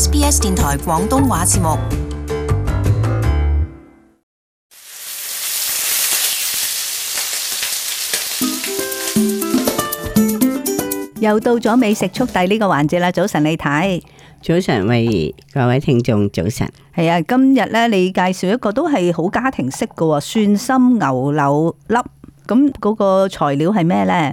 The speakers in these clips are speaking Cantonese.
SBS 電台廣東話節目，又到咗美食速遞呢個環節啦！早晨，李太，早晨，慧兒，各位聽眾，早晨。係啊，今日咧，你介紹一個都係好家庭式噶喎，蒜心牛柳粒。咁嗰個材料係咩呢？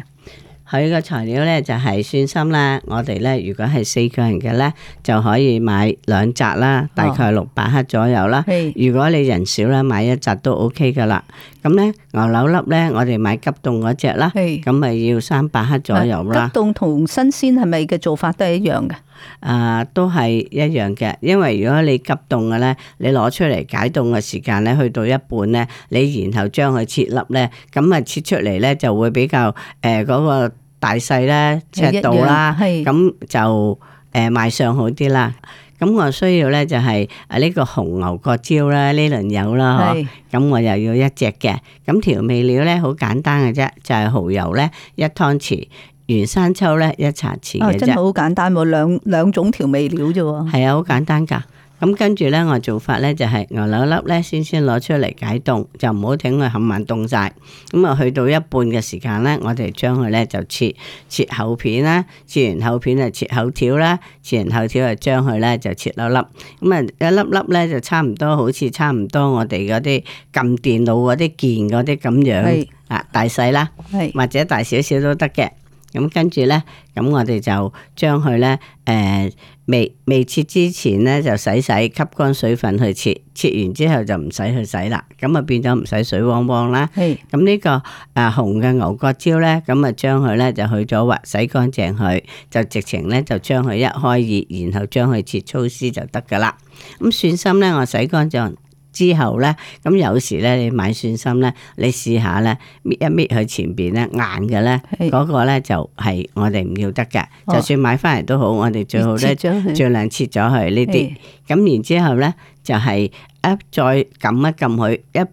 佢嘅材料呢就係蒜心啦，我哋呢，如果係四個人嘅呢，就可以買兩紮啦，大概六百克左右啦。哦，如果你人少呢，買一紮都 OK 噶啦。咁咧牛柳粒咧，我哋買急凍嗰隻啦，咁咪要三百克左右啦。急凍同新鮮係咪嘅做法都係一樣嘅？啊，都係一樣嘅。因為如果你急凍嘅咧，你攞出嚟解凍嘅時間咧，去到一半咧，你然後將佢切粒咧，咁啊切出嚟咧就會比較誒嗰個大細咧，尺度啦，咁就誒賣相好啲啦。咁我需要咧就係啊呢個紅牛角椒啦呢輪有啦嗬，咁是我又要一隻嘅，咁調味料咧好簡單嘅啫，就係、是、蠔油咧一湯匙，原生抽咧一茶匙嘅啫、哦，真係好簡單，兩兩種調味料啫，係啊，好簡單噶。咁跟住呢，我做法呢就係牛柳粒呢先先攞出嚟解凍，就唔好等佢冚埋凍晒。咁啊，去到一半嘅時間呢，我哋將佢呢就切切厚片啦，切完厚片就切厚條啦，切完厚條就將佢呢就切粒粒。咁、嗯、啊，一粒一粒呢就差唔多，好似差唔多我哋嗰啲撳電腦嗰啲鍵嗰啲咁樣啊，是大細啦，是或者大少少都得嘅。咁跟住呢，咁我哋就將佢呢誒，未未切之前呢，就洗洗吸乾水分去切，切完之後就唔使去洗啦。咁啊變咗唔使水汪汪啦。係，咁呢個誒、啊、紅嘅牛角椒呢，咁啊將佢呢就去咗滑，洗乾淨佢，就直情呢就將佢一開二，然後將佢切粗絲就得噶啦。咁蒜心呢，我洗乾淨。之後咧，咁有時咧，你買蒜心咧，你試下咧，搣一搣佢前邊咧硬嘅咧，嗰的個咧就係、是、我哋唔要得嘅。的就算買翻嚟都好，我哋最好咧盡量切咗佢的呢啲。咁然之後咧，就係、是、一再撳一撳佢，一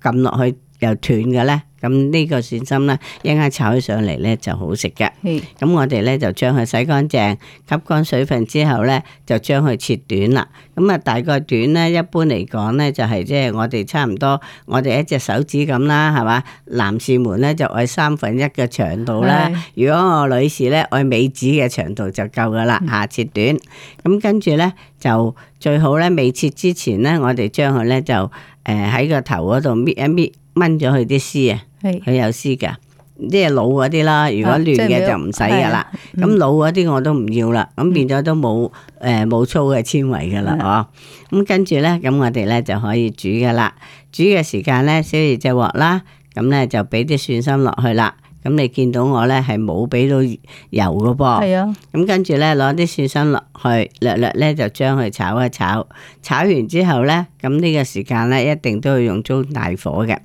撳落去又斷嘅咧。咁呢個蒜心咧，一陣間炒起上嚟咧就好食嘅。咁的我哋咧就將佢洗乾淨，吸乾水分之後咧，就將佢切短啦。咁啊，大概短咧，一般嚟講咧就係即係我哋差唔多，我哋一隻手指咁啦，係嘛？男士們咧就愛三分一嘅長度啦。的如果我女士咧愛尾指嘅長度就夠噶啦，下切短。咁的跟住咧就最好咧，未切之前咧，我哋將佢咧就誒喺個頭嗰度搣一搣，掹咗佢啲絲啊。佢有絲噶，即係老嗰啲啦。如果嫩嘅就唔使噶啦。咁、啊就是、老嗰啲我、嗯、都唔要啦。咁變咗都冇誒冇粗嘅纖維噶啦的哦。咁跟住咧，咁我哋咧就可以煮噶啦。煮嘅時間咧，燒熱隻鑊啦。咁咧就俾啲蒜心落去啦。咁你見到我咧係冇俾到油噶噃。係啊的。咁跟住咧攞啲蒜心落去，略略咧就將佢炒一炒。炒完之後咧，咁呢個時間咧一定都要用中大火嘅。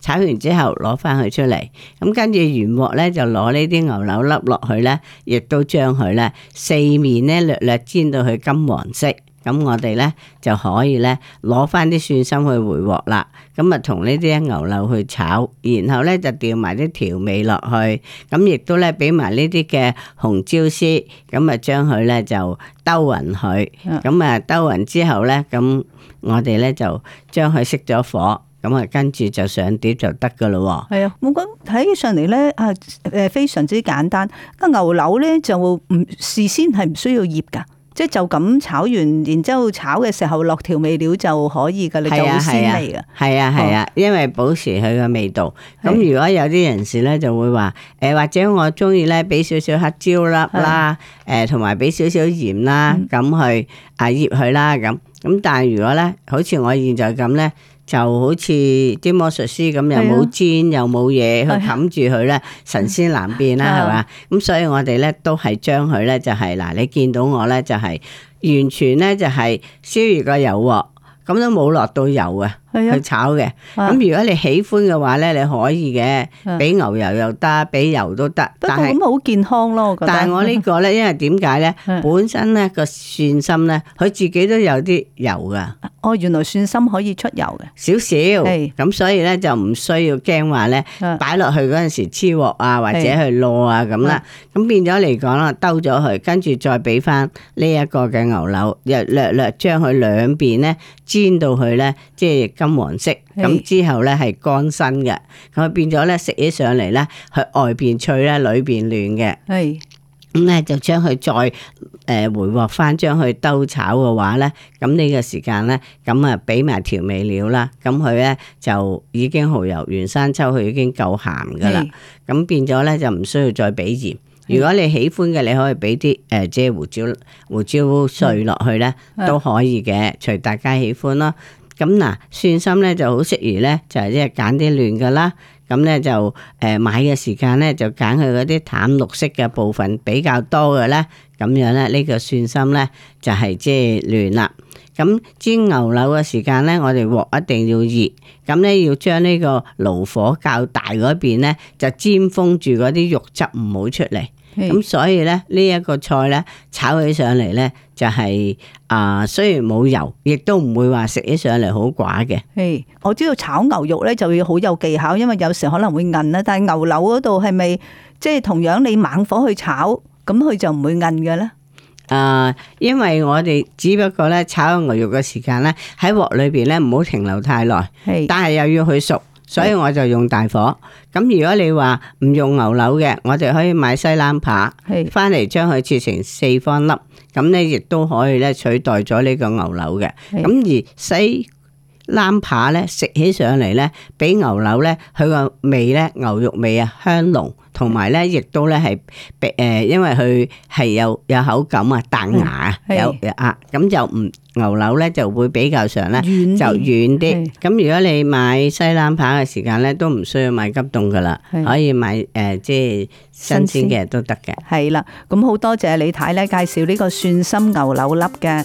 炒完之後，攞翻佢出嚟，咁跟住原鑊咧就攞呢啲牛柳粒落去咧，亦都將佢咧四面咧略略煎到佢金黃色，咁我哋咧就可以咧攞翻啲蒜心去回鑊啦，咁啊同呢啲牛柳去炒，然後咧就調埋啲調味落去，咁亦都咧俾埋呢啲嘅紅椒絲，咁啊將佢咧就兜勻佢，咁啊兜勻之後咧，咁我哋咧就將佢熄咗火。咁啊，跟住就上碟就得噶咯喎。係啊，我覺得睇起上嚟咧啊，誒，非常之簡單。個牛柳咧就唔事先係唔需要醃噶，即係就咁炒完，然之後炒嘅時候落調味料就可以噶啦，就會鮮味，係啊係啊，啊啊啊因為保持佢嘅味道。咁如果有啲人士咧就會話，誒或者我中意咧俾少少黑椒粒啦，誒同埋俾少少鹽啦，咁去啊醃佢啦，咁咁但係如果咧，好似我現在咁咧。就好似啲魔術師咁，又冇氈，又冇嘢，去冚的住佢咧，神仙難辨啦，係嘛的？咁吧、嗯、所以我哋咧都係將佢咧就係、是、嗱，你見到我咧就係、是、完全咧就係燒魚個油鑊，咁都冇落到油啊。去炒嘅。咁如果你喜歡嘅話咧，你可以嘅，俾牛油又得，俾油都得。不過咁咪好健康咯。我覺得但係我呢個咧，因為點解咧？本身咧個蒜心咧，佢自己都有啲油㗎。哦，原來蒜心可以出油嘅，少少。咁所以咧就唔需要驚話咧，擺落去嗰陣時黐鑊啊，或者去攞啊咁啦。咁變咗嚟講啦，兜咗佢，跟住再俾翻呢一個嘅牛柳，略略將佢兩邊咧煎到佢咧，即係。金黃色咁之後咧係乾身嘅，咁是變咗咧食起上嚟，咧佢外邊脆咧，裏邊嫩嘅。係咁咧就將佢再誒回鑊翻，將去兜炒嘅話咧，咁呢個時間咧，咁啊俾埋調味料啦。咁佢咧就已經蚝油、原生抽，佢已經夠鹹噶啦。咁是變咗咧就唔需要再俾鹽。是如果你喜歡嘅，你可以俾啲誒即係胡椒胡椒碎落去咧都、嗯、可以嘅，隨大家喜歡咯。咁嗱，蒜心咧就好適宜咧，就係即係揀啲嫩噶啦。咁咧就誒買嘅時間咧就揀佢嗰啲淡綠色嘅部分比較多嘅咧，咁樣咧呢個蒜心咧就係即係嫩啦。咁煎牛柳嘅時間咧，我哋鑊一定要熱，咁咧要將呢個爐火較大嗰邊咧就煎封住嗰啲肉汁唔好出嚟。咁、嗯、所以咧，呢一個菜咧炒起上嚟咧就係、是、啊、呃，雖然冇油，亦都唔會話食起上嚟好寡嘅。誒、嗯，我知道炒牛肉咧就要好有技巧，因為有時可能會韌啦。但係牛柳嗰度係咪即係同樣你猛火去炒，咁佢就唔會韌嘅咧？誒、呃，因為我哋只不過咧炒牛肉嘅時間咧喺鑊裏邊咧唔好停留太耐，嗯、但係又要去熟。所以我就用大火。咁如果你話唔用牛柳嘅，我哋可以買西冷扒，翻嚟，將佢切成四方粒，咁咧亦都可以咧取代咗呢個牛柳嘅。咁而西冷扒咧食起上嚟咧，比牛柳咧，佢個味咧牛肉味啊香濃，同埋咧亦都咧係，誒、呃、因為佢係有有口感啊彈牙啊有，有啊，咁就唔牛柳咧就會比較上咧就軟啲。咁是如果你買西冷扒嘅時間咧，都唔需要買急凍噶啦，是可以買誒、呃、即係新鮮嘅都得嘅。係啦鮮，咁好多謝李太咧介紹呢個蒜心牛柳粒嘅。